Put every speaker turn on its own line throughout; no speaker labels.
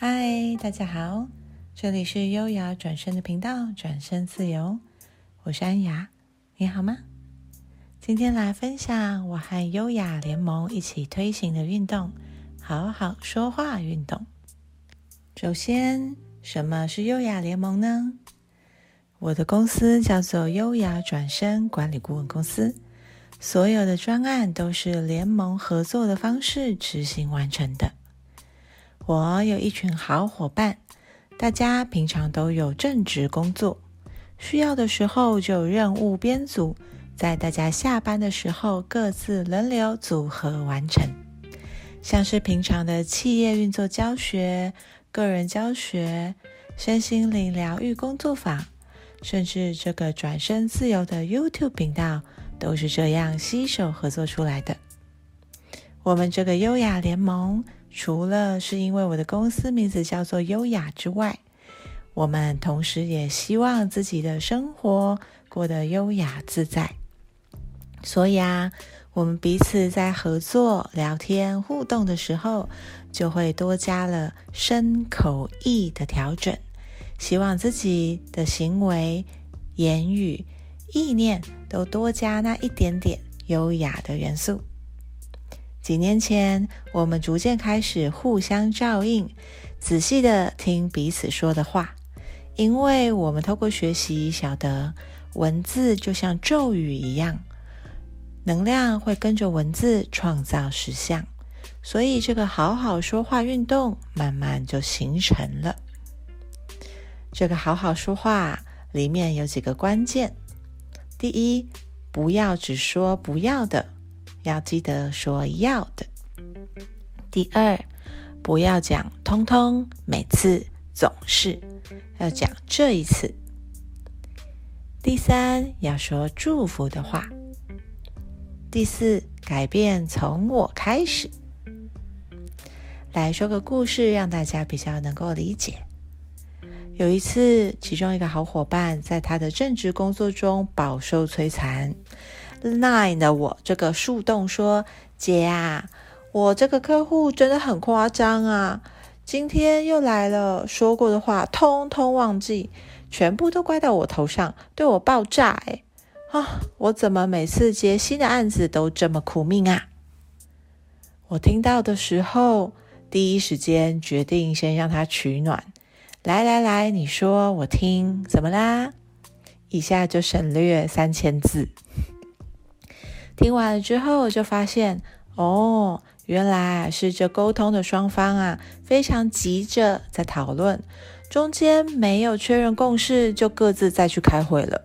嗨，Hi, 大家好，這裡是優雅轉身的頻道，轉身自由，我是安雅，你好嗎？今天來分享我和優雅聯盟一起推行的運動，好好說話運動。首先，什麼是優雅聯盟呢？我的公司叫做優雅轉身管理顧問公司，所有的專案都是聯盟合作的方式執行完成的。我有一群好伙伴，大家平常都有正職工作，需要的時候就有任務編組，在大家下班的時候各自輪流組合完成。像是平常的企業運作教學、個人教學、身心靈療癒工作坊，甚至這個轉身自由的 YouTube 頻道，都是這樣攜手合作出來的。我們這個優雅聯盟，除了是因為我的公司名字叫做優雅之外，我們同時也希望自己的生活過得優雅自在。所以啊，我們彼此在合作、聊天、互動的時候，就會多加了身、口、意的調整，希望自己的行為、言語、意念都多加那一點點優雅的元素。幾年前，我們逐漸開始互相照應，仔細地聽彼此說的話，因為我們透過學習曉得，文字就像咒語一樣，能量會跟着文字創造實相，所以這個好好說話運動慢慢就形成了。這個好好說話裡面有幾個關鍵，第一，不要只說不要的。要記得說要的。第二，不要講通通、每次總是要講這一次。第三，要說祝福的話。第四，改變從我開始。來說個故事，讓大家比較能夠理解。有一次，其中一個好夥伴在他的正職工作中飽受摧殘。Line 的我這個樹洞說：“姐啊，我這個客戶真的很誇張啊！今天又來了，說過的話通通忘記，全部都怪到我頭上，對我爆炸哎、欸！啊，我怎麼每次接新的案子都這麼苦命啊？”我聽到的時候，第一時間決定先讓他取暖。來來來，你說我聽，怎麼啦？一下就省略三千字。聽完了之後，就發現哦，原來是這溝通的雙方啊，非常急着在討論，中間沒有確認共識，就各自再去開會了。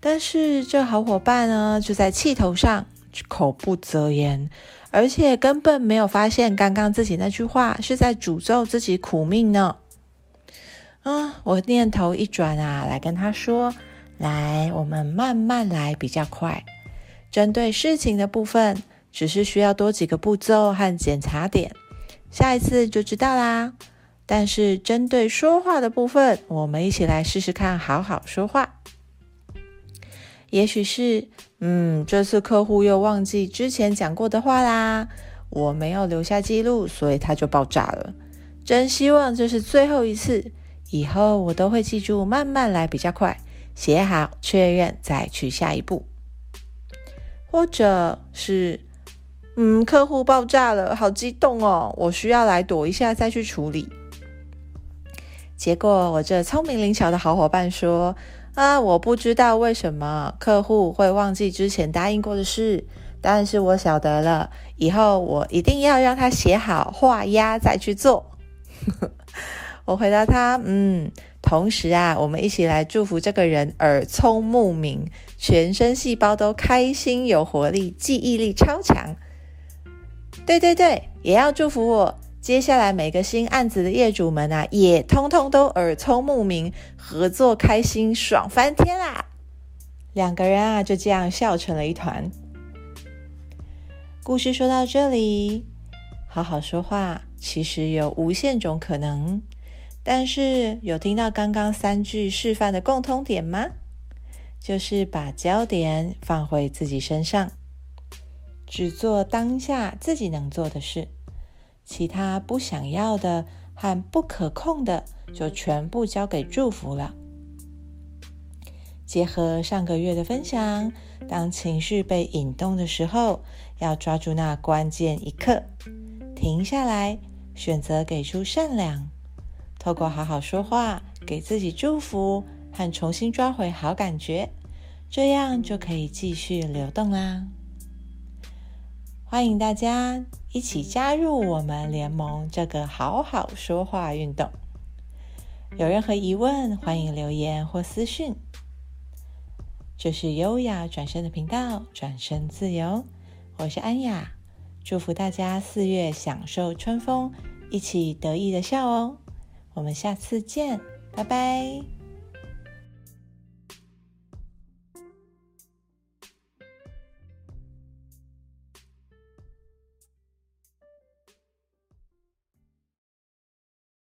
但是這好夥伴呢，就在氣頭上，口不擇言，而且根本沒有發現剛剛自己那句話是在詛咒自己苦命呢。嗯，我念頭一轉啊，來跟他說，來，我們慢慢來比較快。針對事情的部分，只是需要多幾個步驟和檢查點，下一次就知道啦。但是針對說話的部分，我們一起來試試看，好好說話。也許是，嗯，這次客戶又忘記之前講過的話啦。我沒有留下記錄，所以它就爆炸了。真希望這是最後一次，以後我都會記住，慢慢來比較快，寫好確認再去下一步。或者是，嗯，客戶爆炸了，好激動哦，我需要來躲一下再去處理。結果我這聰明靈巧的好夥伴說：“啊，我不知道為什麼客戶會忘記之前答應過的事，但是我曉得了，以後我一定要讓他寫好畫押再去做。 ”我回答他：“嗯。”同時啊，我們一起來祝福這個人耳聰目明，全身細胞都開心有活力，記憶力超強。對對對，也要祝福我。接下來每個新案子的業主們啊，也通通都耳聰目明，合作開心，爽翻天啦，啊！兩個人啊，就這樣笑成了一團。故事說到這裡，好好說話，其實有無限種可能。但是有聽到剛剛三句示範的共通點嗎？就是把焦點放回自己身上，只做當下自己能做的事，其他不想要的和不可控的就全部交給祝福了。結合上個月的分享，當情緒被引動的時候，要抓住那關鍵一刻，停下來，選擇給出善良。透過好好說話，給自己祝福，和重新抓回好感覺，這樣就可以繼續流動啦！歡迎大家一起加入我們聯盟這個好好說話運動。有任何疑問，歡迎留言或私訊。這是優雅轉身的頻道，轉身自由。我是安雅，祝福大家四月享受春風，一起得意的笑哦！我們下次見，拜拜。